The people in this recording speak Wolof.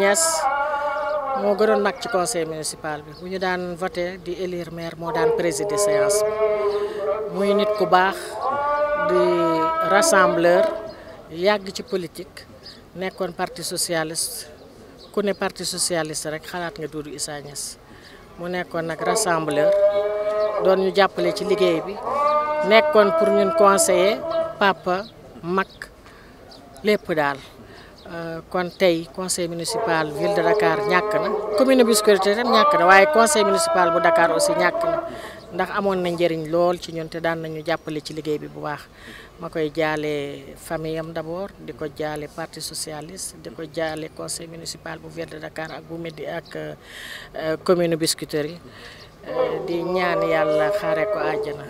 Niass moo gënoon mag ci conseil municipal bi bu ñu daan voté di élire maire moo daan présider séance bi muy nit ku baax di rassembleur yàgg ci politique nekkoon parti socialiste ku ne parti socialist rek xalaat nga Doudou Issa mu nekkoon nag rassembleur doon ñu jàppale ci liggéey bi nekkoon pour ñun conseiller papa mag lépp daal euh, kon tey conseil municipal ville de Dakar ñàkk na commune Biscuiterie tam ñàkk na waaye conseil municipal bu Dakar aussi ñàkk na ndax amoon na njëriñ lool ci ñun te daan nañu jàppale ci liggéey bi bu baax ma koy jaalee famille am d'abord di ko jaalee parti socialiste di ko jaale conseil municipal bu ville de Dakar ak bu Médina ak euh, euh, commune Biscuiterie yi di ñaan yàlla xare ko àjjana